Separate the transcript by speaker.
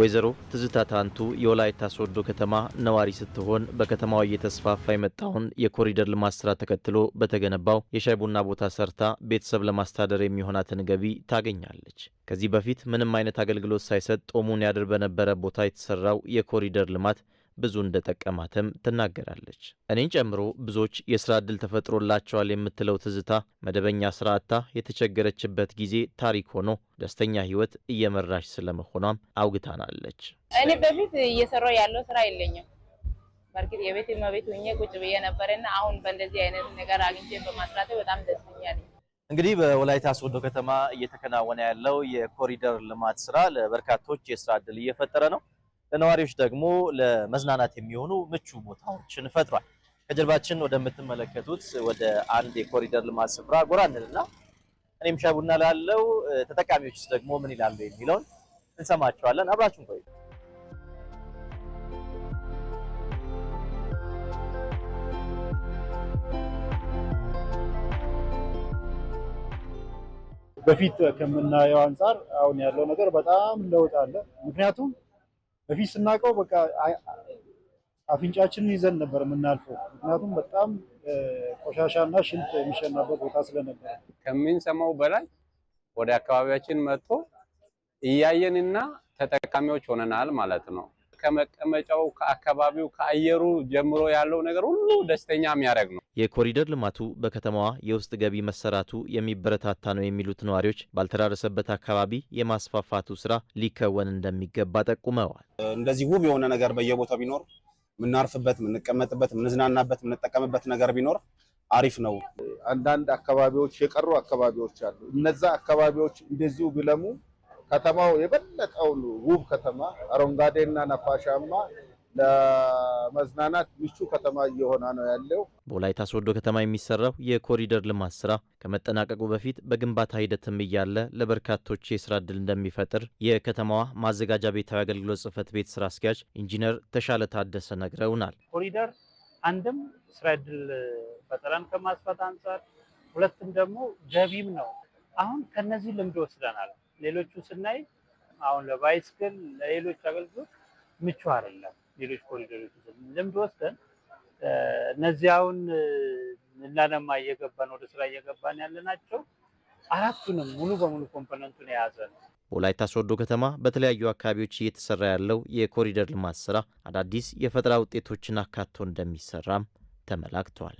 Speaker 1: ወይዘሮ ትዝታ ታንቱ የወላይታ ሶዶ ከተማ ነዋሪ ስትሆን በከተማዋ እየተስፋፋ የመጣውን የኮሪደር ልማት ስራ ተከትሎ በተገነባው የሻይ ቡና ቦታ ሰርታ ቤተሰብ ለማስተዳደር የሚሆናትን ገቢ ታገኛለች። ከዚህ በፊት ምንም አይነት አገልግሎት ሳይሰጥ ጦሙን ያድር በነበረ ቦታ የተሰራው የኮሪደር ልማት ብዙ እንደጠቀማትም ትናገራለች። እኔን ጨምሮ ብዙዎች የስራ ዕድል ተፈጥሮላቸዋል የምትለው ትዝታ መደበኛ ስራ የተቸገረችበት ጊዜ ታሪክ ሆኖ ደስተኛ ህይወት እየመራች ስለመሆኗም አውግታናለች።
Speaker 2: እኔ በፊት እየሰራው ያለው ስራ የለኝም። በእርግጥ የቤት መቤት ሆኜ ቁጭ ብዬ ነበረና አሁን በእንደዚህ አይነት ነገር አግኝቼ በማስራት በጣም ደስተኛ
Speaker 1: እንግዲህ በወላይታ ሶዶ ከተማ እየተከናወነ ያለው የኮሪደር ልማት ስራ ለበርካቶች የስራ ድል እየፈጠረ ነው። ለነዋሪዎች ደግሞ ለመዝናናት የሚሆኑ ምቹ ቦታዎችን ፈጥሯል። ከጀርባችን ወደምትመለከቱት ወደ አንድ የኮሪደር ልማት ስፍራ ጎራ እንልና እኔም ሻይ ቡና ላለው ተጠቃሚዎችስ ደግሞ ምን ይላሉ የሚለውን እንሰማቸዋለን። አብራችሁን ቆዩ።
Speaker 3: በፊት ከምናየው አንጻር አሁን ያለው ነገር በጣም ለውጥ አለ። ምክንያቱም በፊት ስናውቀው በቃ አፍንጫችንን ይዘን ነበር የምናልፈው። ምክንያቱም በጣም ቆሻሻና ሽንት የሚሸናበት ቦታ ስለነበር
Speaker 4: ከምንሰማው በላይ ወደ አካባቢያችን መጥቶ እያየንና ተጠቃሚዎች ሆነናል ማለት ነው። ከመቀመጫው ከአካባቢው ከአየሩ ጀምሮ ያለው ነገር ሁሉ ደስተኛ የሚያደርግ ነው።
Speaker 1: የኮሪደር ልማቱ በከተማዋ የውስጥ ገቢ መሰራቱ የሚበረታታ ነው የሚሉት ነዋሪዎች ባልተዳረሰበት አካባቢ የማስፋፋቱ ስራ ሊከወን እንደሚገባ ጠቁመዋል።
Speaker 5: እንደዚህ ውብ የሆነ ነገር በየቦታው ቢኖር የምናርፍበት፣ የምንቀመጥበት፣ የምንዝናናበት፣ የምንጠቀምበት ነገር ቢኖር አሪፍ ነው።
Speaker 6: አንዳንድ አካባቢዎች የቀሩ አካባቢዎች አሉ። እነዛ አካባቢዎች እንደዚሁ ቢለሙ ከተማው ሁሉ ውብ ከተማ አረንጓዴና ነፋሻማ ለመዝናናት ምቹ ከተማ እየሆነ ነው ያለው።
Speaker 1: በወላይታ ሶዶ ከተማ የሚሰራው የኮሪደር ልማት ስራ ከመጠናቀቁ በፊት በግንባታ ሂደትም እያለ ለበርካቶች የስራ እድል እንደሚፈጥር የከተማዋ ማዘጋጃ ቤታዊ አገልግሎት ጽህፈት ቤት ስራ አስኪያጅ ኢንጂነር ተሻለ ታደሰ ነግረውናል።
Speaker 7: ኮሪደር አንድም ስራ እድል ፈጠራን ከማስፋት አንጻር፣ ሁለትም ደግሞ ገቢም ነው። አሁን ከነዚህ ልምድ ወስደናል። ሌሎቹን ስናይ አሁን ለባይስክል ለሌሎች አገልግሎት ምቹ አይደለም። ሌሎች ኮሪደሮች ልምድ ወስደን እነዚያውን እናነማ እየገባን ወደ ስራ እየገባን ያለ ናቸው። አራቱንም ሙሉ በሙሉ ኮምፖነንቱን የያዘ ነው።
Speaker 1: በወላይታ ሶዶ ከተማ በተለያዩ አካባቢዎች እየተሰራ ያለው የኮሪደር ልማት ስራ አዳዲስ የፈጠራ ውጤቶችን አካቶ እንደሚሰራም ተመላክቷል።